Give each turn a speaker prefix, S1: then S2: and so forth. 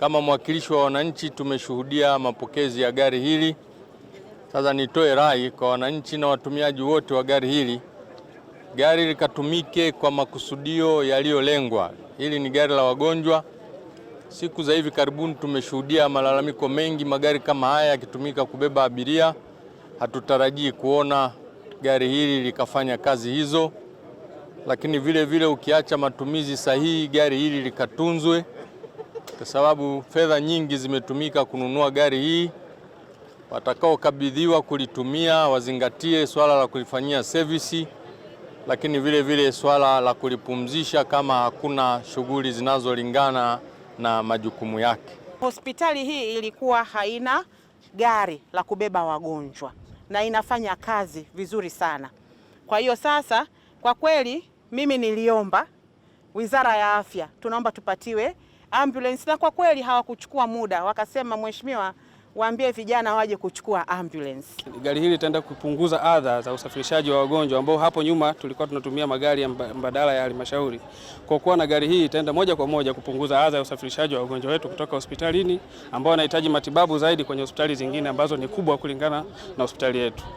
S1: Kama mwakilishi wa wananchi, tumeshuhudia mapokezi ya gari hili. Sasa nitoe rai kwa wananchi na watumiaji wote wa gari hili, gari likatumike kwa makusudio yaliyolengwa. Hili ni gari la wagonjwa. Siku za hivi karibuni tumeshuhudia malalamiko mengi, magari kama haya yakitumika kubeba abiria. Hatutarajii kuona gari hili likafanya kazi hizo, lakini vile vile ukiacha matumizi sahihi, gari hili likatunzwe kwa sababu fedha nyingi zimetumika kununua gari hii. Watakaokabidhiwa kulitumia wazingatie swala la kulifanyia sevisi, lakini vile vile swala la kulipumzisha kama hakuna shughuli zinazolingana na majukumu yake.
S2: Hospitali hii ilikuwa haina gari la kubeba wagonjwa na inafanya kazi vizuri sana. Kwa hiyo sasa, kwa kweli mimi niliomba Wizara ya Afya, tunaomba tupatiwe ambulance, na kwa kweli hawakuchukua muda, wakasema mheshimiwa, waambie vijana waje kuchukua ambulance.
S3: Gari hili litaenda kupunguza adha za usafirishaji wa wagonjwa ambao hapo nyuma tulikuwa tunatumia magari ya mbadala ya halmashauri. Kwa kuwa na gari hii itaenda moja kwa moja kupunguza adha ya usafirishaji wa wagonjwa wetu kutoka hospitalini ambao wanahitaji matibabu zaidi kwenye hospitali zingine ambazo ni kubwa kulingana na hospitali yetu.